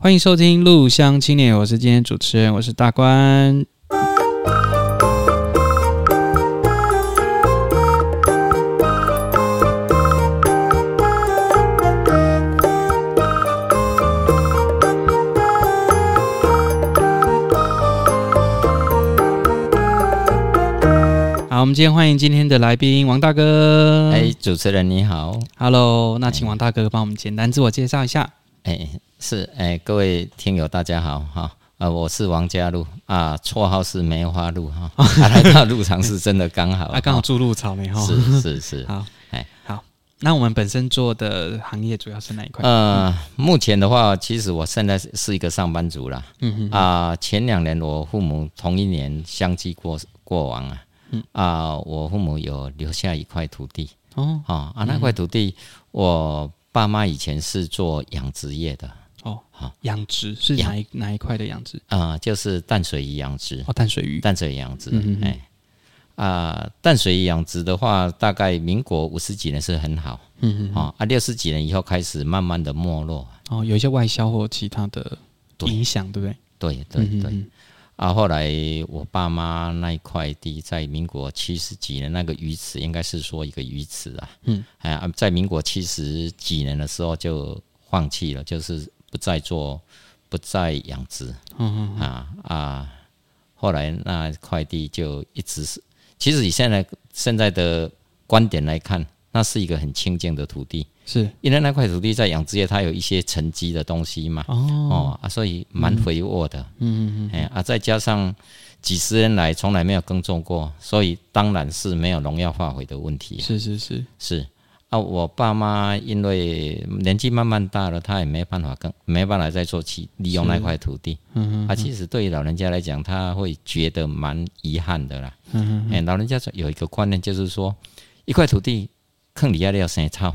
歡迎收聽《鹿鄉青年》，我是今天主持人，我是大官。好，我們今天歡迎今天的來賓王大哥。哎，主持人你好。Hello，那請王大哥幫我們簡單自我介紹一下。哎。是哎、欸，各位聽友，大家好哈啊，哦呃，我是王家璐。啊，綽號是梅花鹿哈，那鹿場是真的剛好，那剛好住鹿草哈，是是是。好哎好，那我們本身做的行業主要是哪一塊？呃，目前的話，其實我現在是一個上班族啦。嗯哼哼啊，前兩年我父母同一年相繼過過往啊，嗯啊，我父母有留下一塊土地哦啊，那塊土地、嗯、我爸媽以前是做養殖業的。養殖是哪一哪一塊的養殖啊、呃？就是淡水魚養殖哦，淡水魚，淡水養殖。哎、嗯嗯嗯，啊、欸呃，淡水魚養殖的話，大概民國五十幾年是很好，嗯嗯，嗯、哦，啊，六十幾年以後開始慢慢的沒落。哦，有一些外銷或其他的影響，對不對？對對對嗯嗯嗯。啊，後來我爸媽那一塊地在民國七十幾年，那個魚池應該是說一個魚池啊，嗯，哎、啊，在民國七十幾年的時候就放棄了，就是。不再做，不再養殖，嗯、哼啊啊！後來那塊地就一直是。其實以現在現在的觀點來看，那是一個很清淨的土地，是因為那塊土地在養殖業它有一些沉積的東西嘛，哦，哦啊，所以蠻肥沃的，嗯，嗯哼、哎，啊，再加上幾十年來從來沒有耕種過，所以當然是沒有農藥化肥的問題，啊，是是是是。啊，我爸媽因為年紀慢慢大了，他也沒辦法更沒辦法再做起利用那塊土地。啊、嗯他、嗯嗯、其實對於老人家來講，他會覺得蠻遺憾的啦。嗯,嗯,嗯、欸、老人家有一個觀念就是說，一塊土地坑裡要要生草。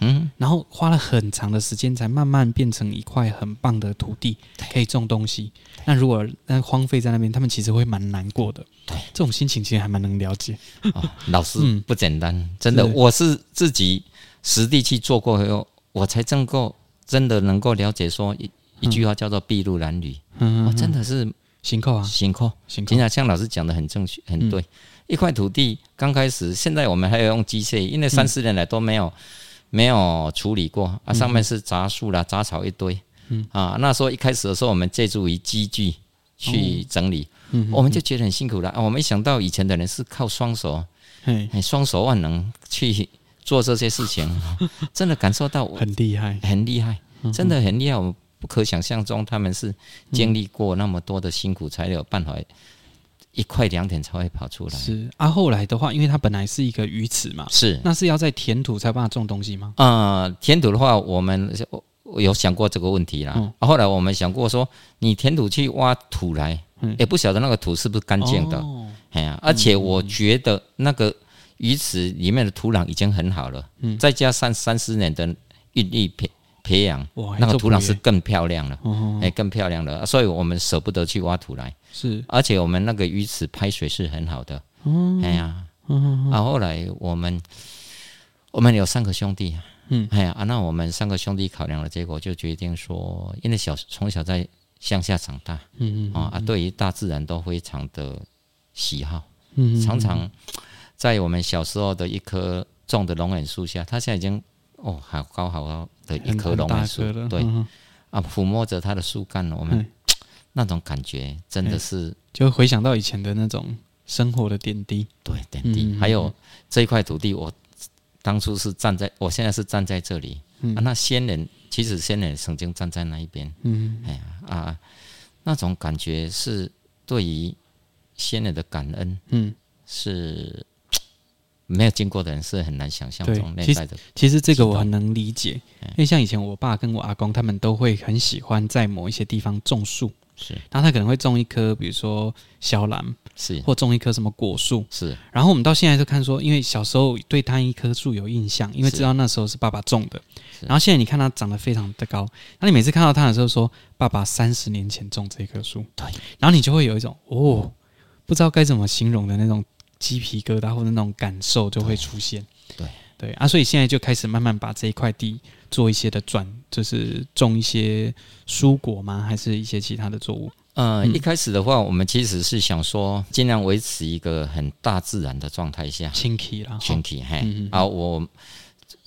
嗯，然後花了很長的時間，才慢慢變成一塊很棒的土地，可以種東西。那如果荒廢在那邊，他們其實會蠻難過的。對，這種心情其實還蠻能了解。哦、老師、嗯、不簡單，真的，我是自己實地去做過以後，我才真夠真的能夠了解。說一、嗯、一句話叫做“篳路藍縷”，嗯，嗯，嗯、哦，真的是辛苦啊，辛苦，辛苦。今天像老師講的很正確，很對。嗯、一塊土地剛開始，現在我們還有用機械，因為三四年來都沒有。嗯沒有處理過啊，上面是雜樹啦，雜、嗯、草一堆、嗯。啊，那時候一開始的時候，我們借助於機具去整理、哦嗯，我們就覺得很辛苦了、嗯、啊。我沒想到以前的人是靠雙手，雙手萬能去做這些事情，真的感受到我 很厲害，很厲害，真的很厲害，我不可想象中他們是經歷過那麼多的辛苦才有辦法。一塊良田才會跑出來。是啊，後來的話，因為它本來是一個魚池嘛，是，那是要再填土才把它種東西嗎？嗯、呃，填土的話，我們我有想過這個問題啦。嗯啊、後來我們想過說，你填土去挖土來，嗯、也不曉得那個土是不是乾淨的，哎、哦、呀、啊，而且我覺得那個魚池裡面的土壤已經很好了，嗯、再加上三四年的孕育。培養那個土壤，是更漂亮了，哎、欸，更漂亮了，所以我們捨不得去挖土來。是，而且我們那個魚池排水是很好的。嗯，哎呀、啊嗯，啊，後來我們我們有三個兄弟，嗯，哎呀、啊，那我們三個兄弟考量了，結果，就決定說，因為小從小在鄉下長大，嗯，嗯，嗯啊，對於大自然都非常的喜好，嗯，嗯，嗯，常常在我們小時候的一棵種的龍眼樹下，它現在已經。哦，好高好高的一棵龍眼樹，對，啊，撫摸着它的樹幹呢，我們那種感覺真的是、欸、就回想到以前的那種生活的點滴，對，點滴。嗯嗯，還有這一塊土地，我當初是站在，我現在是站在這裡，嗯啊、那先人，其實先人曾經站在那一邊、嗯，哎呀啊，那種感覺是對於先人的感恩，嗯，是。沒有見過的人是很難想象中類似的對。其實這個我很能理解，因為像以前我爸跟我阿公，他們都會很喜歡在某一些地方種樹。是，然後他可能會種一棵，比如說小蘭，是，或種一棵什麼果樹，是。然後我們到現在就看說，因為小時候對他一棵樹有印象，因為知道那時候是爸爸種的。然後現在你看他長得非常的高，那你每次看到他的時候說，說爸爸三十年前種這一棵樹，對。然後你就會有一種哦，不知道該怎麼形容的那種。雞皮疙瘩或者那種感受，就會出現。對對，對啊，所以現在就開始慢慢把這一塊地做一些的轉，就是種一些蔬果嗎？還是一些其他的作物？呃，一開始的話，我們其實是想說，盡量維持一個很大自然的狀態下。群體了，群體嘿嗯嗯嗯啊，我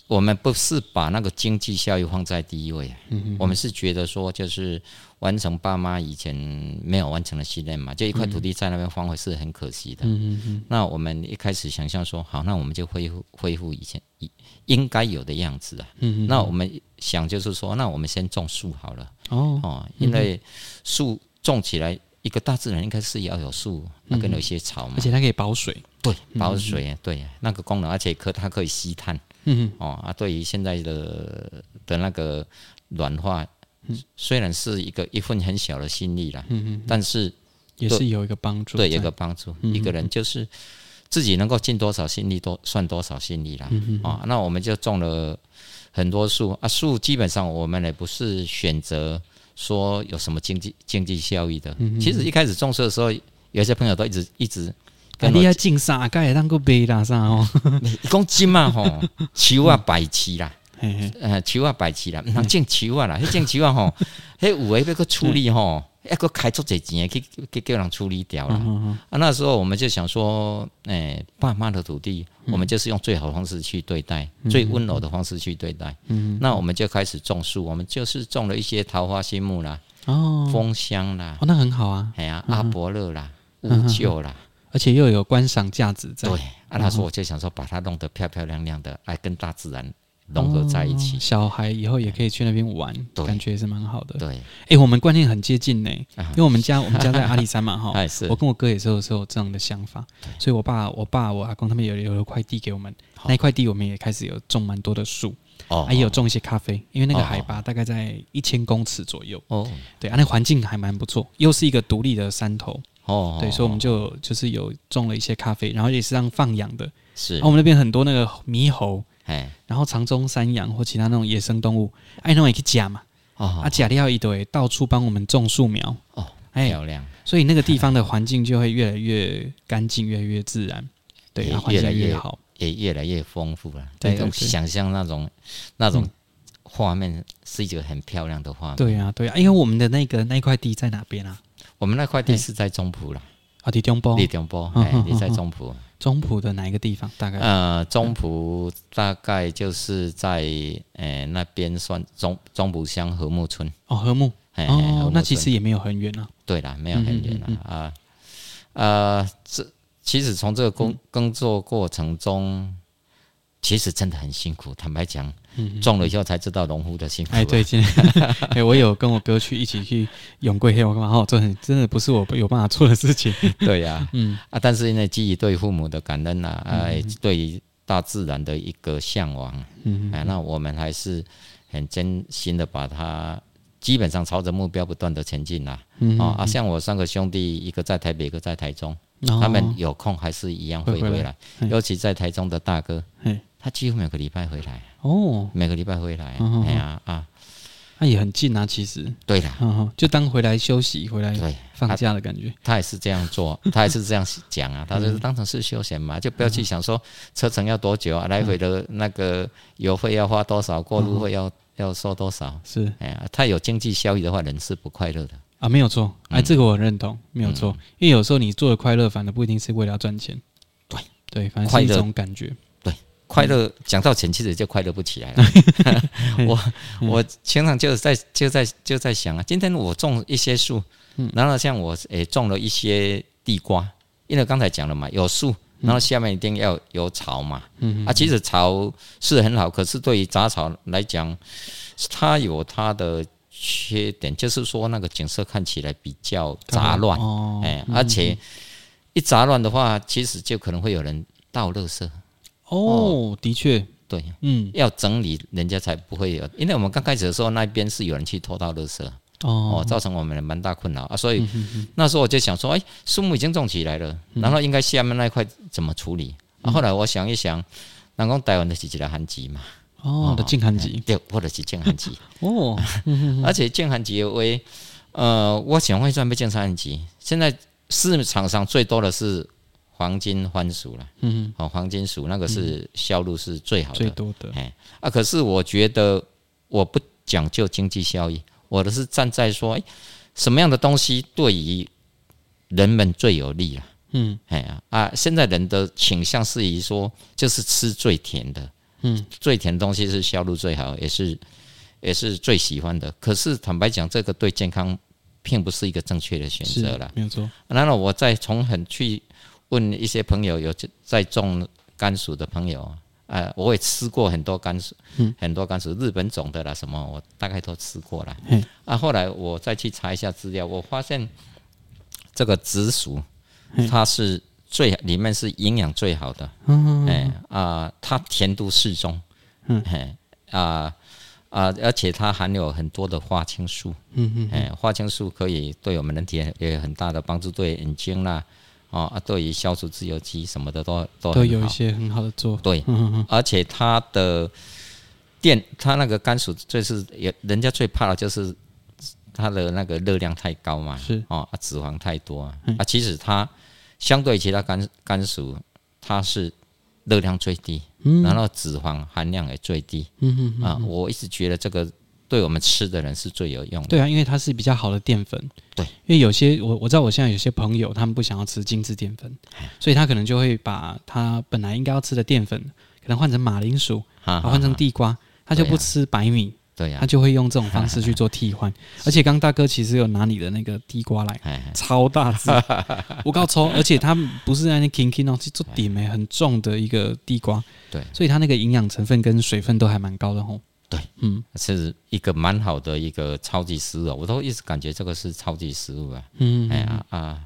我們不是把那個經濟效益放在第一位嗯嗯嗯，我們是覺得說就是。完成爸媽以前沒有完成的訓練嘛？就一塊土地在那邊荒廢是很可惜的。嗯嗯嗯。那我們一開始想象說，好，那我們就恢復恢復以前應應該有的樣子啊。嗯嗯。那我們想就是說，那我們先種樹好了。哦哦，嗯，因為樹種起來，一個大自然應該是要有樹，那，嗯，邊有一些草嘛，而且它可以保水。對，保水，嗯嗯，對，那個功能，而且可它可以吸碳。嗯，嗯哦，啊，對於現在的的那個暖化。雖然是一個一份很小的心力啦、嗯嗯嗯，但是也是有一個幫助，對，有個幫助嗯嗯嗯。一個人就是自己能夠盡多少心力，多算多少心力啦、嗯嗯嗯、啊。那我們就種了很多樹啊，樹基本上我們也不是選擇說有什麼經濟經濟效益的嗯嗯嗯。其實一開始種樹的時候，有些朋友都一直一直、啊。你要進沙該當個背大啥？你一共幾嘛吼，萬百七啦。 呃，七萬、八千啦，那近七啦， 那近七吼， 那五萬要擱處理吼，一個開足這錢去，去叫人處理掉啦、嗯。啊，那時候我們就想說，誒、欸，爸媽的土地，我們就是用最好方式去對待，嗯、最溫柔的方式去對待。嗯，那我們就開始種樹，我們就是種了一些桃花心木啦，哦，楓香啦，哦，那很好啊，呀、啊，阿勃勒啦，烏桕、嗯、啦、嗯，而且又有觀賞價值在。對、嗯，啊，那時候我就想說，把它弄得漂漂亮亮的，來跟大自然。融合在一起、哦，小孩以後也可以去那邊玩，感覺也是蠻好的。對，誒、欸，我們觀念很接近呢，因為我們家 我們家在阿里山嘛，哈， 我跟我哥也是有時候 這樣的想法，所以我爸我爸我阿公他們有有了塊地給我們，那塊地我們也開始有種蠻多的樹，哦、啊，也有種一些咖啡，因為那個海拔大概在一千公尺左右，哦，對，啊，那環境還蠻不錯，又是一個獨立的山頭，哦，對，哦、所以我們就就是有種了一些咖啡，然後也是讓放養的，是然後、啊、我們那邊很多那個獼猴。哎，然後長鬃山羊或其他那種野生動物，哎，那一個吃嘛。哦，啊，吃了一堆，到處幫我們種樹苗。哦，哎，漂亮。所以那個地方的環境就會越來越乾淨，越來越自然。對，然後越，來越，越，來越，越來越好，也越來越豐富了、啊。對、對、對，想象那種那種畫面是一個很漂亮的畫面。嗯、對啊，對啊，因為我們的那個那塊地在哪邊啊？我們那塊地是在中埔啦。哎啊，李中，中、哦欸哦、中埔，佇中埔，哎，你在中埔？中埔的哪一個地方？大概？呃，中埔大概就是在，哎、呃，那邊算中中埔鄉和睦村。哦，和睦，哎、欸哦哦，那其實也沒有很遠啊。對了，沒有很遠了啊、嗯嗯。呃，這其實從這個工工作過程中。嗯其實真的很辛苦，坦白講、嗯嗯，種了以後才知道農夫的辛苦。哎，對 哎，我有跟我哥去一起去永貴黑，我靠，這很真的不是我有辦法做的事情。 對呀、啊，嗯啊，但是因為基於對父母的感恩啊，哎、嗯嗯對大自然的一個向往，嗯,嗯,嗯、啊，那我們還是很真心的，把它基本上朝着目標不斷的前進、啊、嗯,嗯,嗯啊，像我三個兄弟，一個在台北，一個在台中，他、哦、們有空還是一樣會回來，會會尤其在台中的大哥，他幾乎每個禮拜回來、啊、哦，每個禮拜回來、啊嗯哼，哎呀啊，他、啊、也很近啊，其實對的、嗯，就當回來休息，回來放假的感覺。他，他也是這樣做， 他也是這樣講啊，他是當成是休閒嘛、嗯，就不要去想說車程要多久、啊嗯，來回的那個油費要花多少，過路費要、嗯、要收多少。是哎呀，太有經濟效益的話，人是不快樂的啊，沒有錯，哎、嗯啊，這個我很認同，沒有錯、嗯，因為有時候你做的快樂，反而不一定是為了要賺錢。對、嗯、對，反而是一種感覺。快樂講到錢，其實就快樂不起來了。 我我經常就在就在就在想啊，今天我種一些樹，然後像我誒種了一些地瓜，因為剛才講了嘛，有樹，然後下面一定要有草嘛。啊，其實草是很好，可是對於雜草來講，它有它的缺點，就是說那個景色看起來比較雜亂，哎，而且一雜亂的話，其實就可能會有人倒垃圾。哦，哦，的確，對，嗯，要整理人家才不會有，因為我們剛開始的時候，那邊是有人去偷倒垃圾，哦，哦，造成我們的蠻大困擾啊。所以、嗯、哼哼那時候我就想說，哎、欸，樹木已經種起來了，嗯，然後應該下面那一塊怎麼處理，嗯啊？後來我想一想，能夠帶完的幾幾的寒極嘛，哦，的劍寒極，對，或者是淨寒極，哦，季季哦嗯，哼哼而且淨寒極為，呃，我想會準備劍寒極，現在市場上最多的是黃金番薯了，嗯，哦，黃金薯那個是銷路是最好的，嗯、最多的，哎，啊，可是我覺得我不講究經濟效益，我的是站在說，哎、欸，什麼樣的東西對於人們最有利啊？嗯，哎呀、啊，啊，現在人的傾向是以說就是吃最甜的，嗯，最甜的東西是銷路最好，也是也是最喜歡的。可是坦白講，這個對健康並不是一個正確的選擇了，沒錯。啊、然後我再從很去。問一些朋友有在種甘薯的朋友，呃，我也吃過很多甘薯，嗯、很多甘薯，日本種的啦，什麼我大概都吃過了、嗯。啊，後來我再去查一下資料，我發現這個紫薯，它是最裡面是營養最好的。嗯，啊、欸呃，它甜度適中。嗯哼啊、欸呃、而且它含有很多的花青素。嗯嗯，哎、欸，花青素可以對我們人體也有很大的幫助，對眼睛啦。哦啊，對於消除自由基什麼的都都都有一些很好的作用。對、嗯，而且它的電，它那個甘薯，最是也，人家最怕的就是它的那個熱量太高嘛。是、哦、啊，脂肪太多啊。嗯、啊，其實它相對其他甘甘薯，它是熱量最低、嗯，然後脂肪含量也最低。嗯嗯啊，我一直覺得這個。對我們吃的人是最有用的。對啊，因為它是比較好的澱粉。對，因為有些我我知道，我現在有些朋友他們不想要吃精制澱粉，所以他可能就會把他本來應該要吃的澱粉，可能換成馬鈴薯，換、啊、成地瓜、啊，他就不吃白米。啊、對呀、啊啊啊，他就會用這種方式去做替換。而且剛大哥其實有拿你的那個地瓜來，嘿嘿超大隻，我告訴你，而且他們不是那那 king king 種做頂沒很重的一個地瓜。對，所以它那個營養成分跟水分都還蠻高的吼。對，嗯，是一個蠻好的一個超級食物，哦，我都一直感覺這個是超級食物啊嗯。嗯，哎呀啊啊、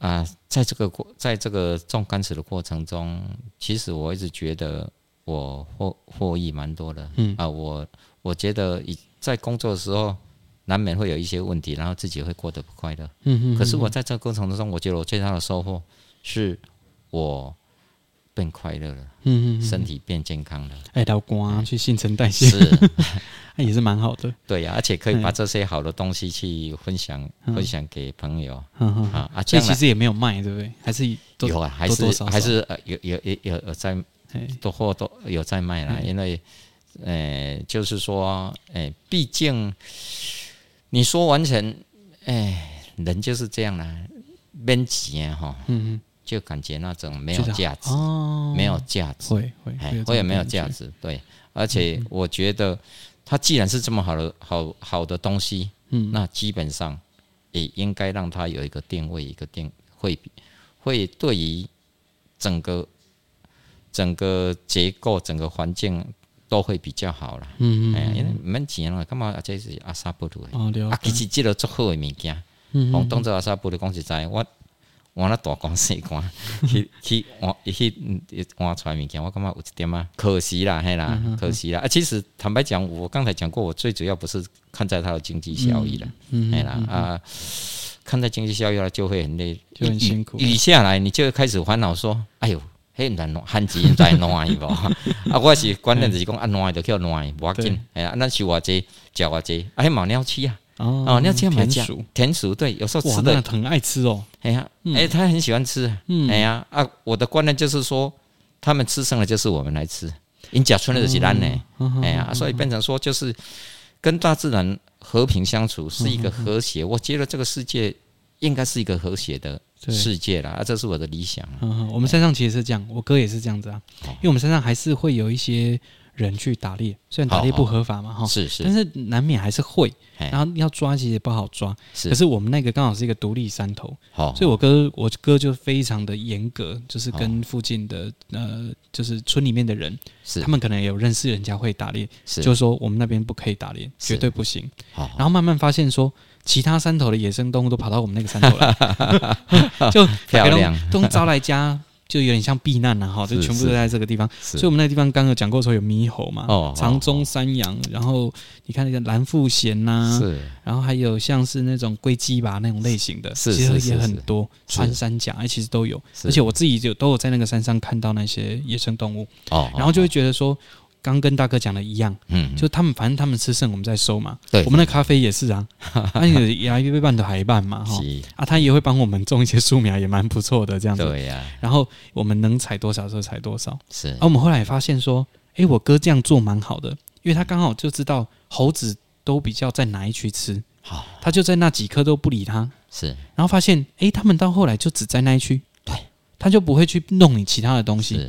呃呃呃，在這個過，在這個種甘蔗的過程中，其實我一直覺得我獲獲益蠻多的。嗯啊、呃，我我覺得以在工作的時候難免會有一些問題，然後自己會過得不快樂。嗯嗯，嗯。可是我在這個過程當中，我覺得我最大的收穫是我，變快樂了，嗯，嗯嗯，身體變健康了，愛到光，去新陳代謝，是， 也是蠻好的，對呀、啊，而且可以把這些好的東西去分享，嗯、分享給朋友，啊、嗯嗯嗯、啊，這其實也沒有賣，對不對？還是多有、啊多多少少，還是還是、呃、有有有有在多貨都有在賣啦、嗯，因為，呃，就是說，哎、呃，畢竟你說完成哎、呃，人就是這樣啦錢了，變急哈，嗯，嗯。就感覺那種沒有價值的、啊哦，沒有價值，會會會也沒有價值。對，而且我覺得，它既然是這麼好的好好的東西，嗯，那基本上也應該讓它有一個定位，一個定位會會對於整個整個結構、整個環境都會比較好了。嗯嗯，嗯嗯，因為蠻幾年了，幹嘛啊？這是阿薩不魯，啊、哦、對啊，其實記得做好的物件，嗯嗯，嗯嗯嗯，嗯東阿薩不魯嗯公司在嗯換了大官細光去去我一些我穿一件，我感覺有一點嘛，可惜啦，係啦、啊，可惜啦。啊，其實坦白講，我剛才講過，我最主要不是看在它的經濟效益了，係、嗯、啦、嗯、啊，看在經濟效益了就會很累，就很辛苦。雨下來，你就會開始煩惱說：“哎呦，很難弄，旱季在暖吧？”啊，我也是關鍵就是講啊，暖就叫暖，無要緊。哎、啊、呀，那是我這叫我這哎，冇尿氣啊。Oh, 哦，你要叫田薯甜薯對，有時候吃的很愛吃哦，哎呀、啊、哎、嗯欸，他很喜歡吃，哎、嗯、呀、啊、啊，我的觀念就是說，他們吃剩了就是我們來吃，因家村裡的雞呢，哎、嗯、呀、嗯嗯啊嗯嗯嗯，所以變成說就是跟大自然和平相處，是一個和諧、嗯嗯嗯嗯，我覺得這個世界應該是一個和諧的世界啦。啊，這是我的理想、啊嗯嗯。嗯，我們身上其實是這樣，我哥也是這樣子啊，嗯、因為我們身上還是會有一些。人去打獵，雖然打獵不合法嘛，哈，是是，但是難免還是會。是是，然後要抓其實也不好抓，可是我們那個剛好是一個獨立山頭，所以我哥我哥就非常的嚴格、哦，就是跟附近的、哦、呃，就是村裡面的人，他們可能也有認識人家會打獵，是，就是說我們那邊不可以打獵，絕對不行、哦。然後慢慢發現說，其他山頭的野生動物都跑到我們那個山頭來，哈哈哈哈 就漂亮種招來家，就有點像避難吶，哈，就全部都在這個地方。所以，我們那個地方剛剛講過，說有獼猴嘛、哦，長鬃山羊、哦，然後你看那個藍腹鷴吶，然後還有像是那種龜雞吧那種類型的，其實也很多，穿山甲、欸、其實都有，而且我自己就都有在那個山上看到那些野生動物哦，然後就會覺得說。哦哦剛跟大哥講的一樣，嗯，就他們反正他們吃剩，我們再收嘛。對，我們的咖啡也是啊，那、啊、 也一半的還一半嘛，哈、哦。啊，他也會幫我們種一些樹苗，也蠻不錯的這樣子。對呀、啊。然後我們能採多少就採多少。是。啊，我們後來發現說，誒、欸，我哥這樣做蠻好的，因為他剛好就知道猴子都比較在哪一區吃，好，他就在那幾棵都不理他，是。然後發現，誒、欸，他們到後來就只在那一區，對，他就不會去弄你其他的東西。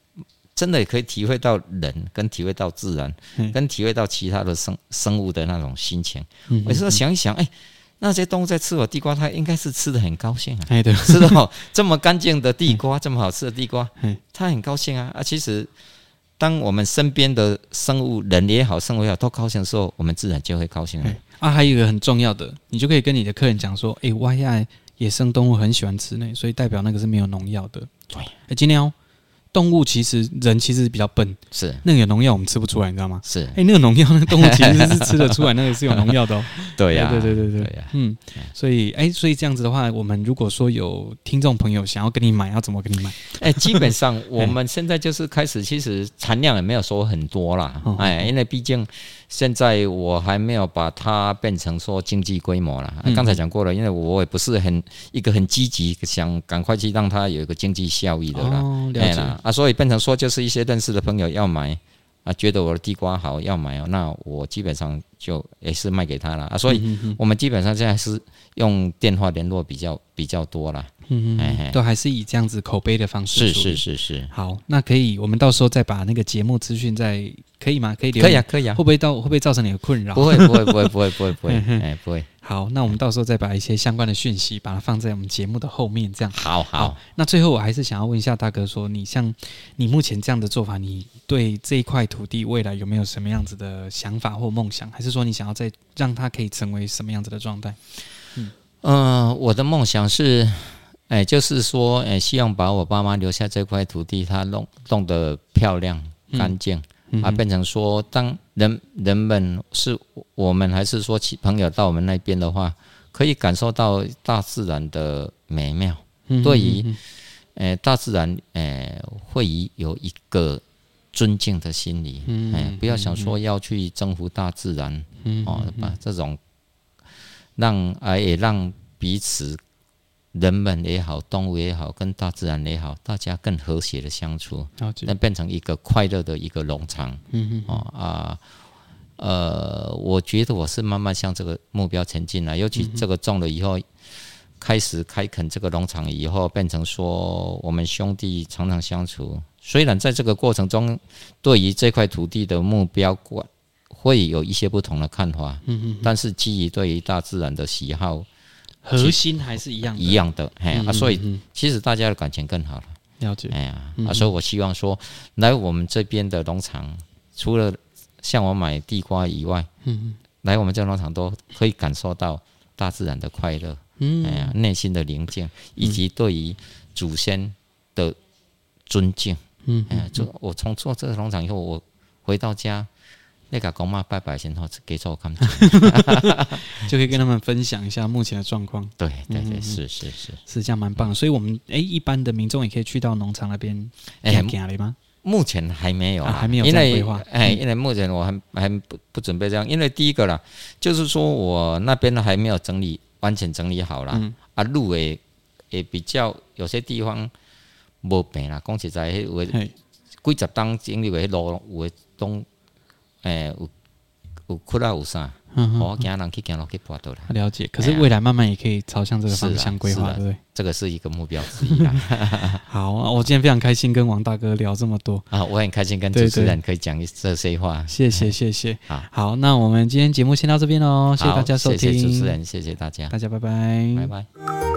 真的也可以體會到人，跟體會到自然，跟體會到其他的生生物的那種心情。有時候想一想，哎、欸，那些動物在吃我的地瓜，它應該是吃得很高興啊！哎，對，吃得好、嗯嗯嗯、這麼乾淨的地瓜，嗯嗯嗯這麼好吃的地瓜，它很高興啊！啊，其實當我們身邊的生物，人也好，生物也好，都高興的時候，我們自然就會高興啊、嗯、啊，還有一個很重要的，你就可以跟你的客人講說，哎，我愛野生動物，很喜歡吃那，所以代表那個是沒有農藥的。對，那今天哦。動物其實，人其實比較笨，是那個農藥我們吃不出來，你知道嗎？是，誒、欸，那個農藥，那個、動物其實是吃得出來， 那個是有農藥的、哦。 對呀、啊，對對對對，對、啊對啊、嗯，所以，誒、欸，所以這樣子的話，我們如果說有聽眾朋友想要跟你買，要怎麼跟你買？誒、欸，基本上我們現在就是開始，其實產量也沒有說很多啦，哎， 因為畢竟。現在我還沒有把它變成說經濟規模了。剛才講過了，因為我也不是很一個很積極想趕快去讓它有一個經濟效益的啦。對啦，啊，所以變成說就是一些認識的朋友要買。啊，覺得我的地瓜好要買哦，那我基本上就也是賣給他了啊，所以我們基本上現在是用電話聯絡比較比較多啦，嗯嗯，都還是以這樣子口碑的方式。是是是是。好，那可以，我們到時候再把那個節目資訊再可以嗎？可以留，可以啊，可以啊，會不會到會不會造成你的困擾？不會，不會，不會，不會，不會，不會，哎、嗯欸，不會。好，那我們到時候再把一些相關的訊息，把它放在我們節目的後面，這樣。好好、啊。那最後，我還是想要問一下大哥說，說你像你目前這樣的做法，你對這一塊土地未來有沒有什麼樣子的想法或夢想？還是說你想要再讓它可以成為什麼樣子的狀態？嗯，呃、我的夢想是，哎、欸，就是說，哎、欸，希望把我爸媽留下這塊土地，它弄弄得漂亮乾淨。啊，變成說，當人人們是我們，還是說其朋友到我們那邊的話，可以感受到大自然的美妙，嗯哼嗯哼對於，呃、欸，大自然，呃、欸，會有一個尊敬的心理，嗯哼嗯哼、欸，不要想說要去征服大自然，哦，把這種讓哎、啊、也讓彼此。人們也好，動物也好，跟大自然也好，大家更和諧的相處，那變成一個快樂的一個農場。嗯嗯啊呃，呃，我覺得我是慢慢向這個目標前進了，尤其這個種了以後，嗯、開始開墾這個農場以後，變成說我們兄弟常常相處。雖然在這個過程中，對於這塊土地的目標觀會有一些不同的看法。嗯嗯，但是基於對於大自然的喜好。核心還是一樣的一樣的，哎、嗯、啊，所以其實大家的感情更好了，了解。哎呀，嗯啊、所以我希望說，來我們這邊的農場，除了像我買地瓜以外，嗯，來我們這農場都可以感受到大自然的快樂，嗯，哎，內心的寧靜、嗯，以及對於祖先的尊敬，嗯，哎，就我從做這個農場以後，我回到家。那個公媽拜拜先，好後給就可以跟他們分享一下目前的狀況。對對對，是是是，是，嗯，是這樣蠻棒，嗯。所以，我們誒、欸，一般的民眾也可以去到農場那邊，哎，走走的嗎？目前還沒有、啊、還沒有。因為哎、嗯，因為目前我還還不不準備這樣，因為第一個啦，就是說我那邊呢還沒有整理完全整理好啦。嗯、啊，路也也比較有些地方沒平啦，講實在的我規則當經歷為路有的東。哎，有有困難有啥，我家人去養老去搬走了。了解，可是未來慢慢也可以朝向這個方向規劃，哎呃啊啊啊、對不對？這個是一個目標之一啊。 好， 我今天非常開心跟王大哥聊這麼多啊！我很開心跟主持人可以講這些話。謝謝謝謝。啊、嗯，好，那我們今天節目先到這邊嘍，謝謝大家收聽，謝謝主持人謝謝大家，大家拜拜，拜拜。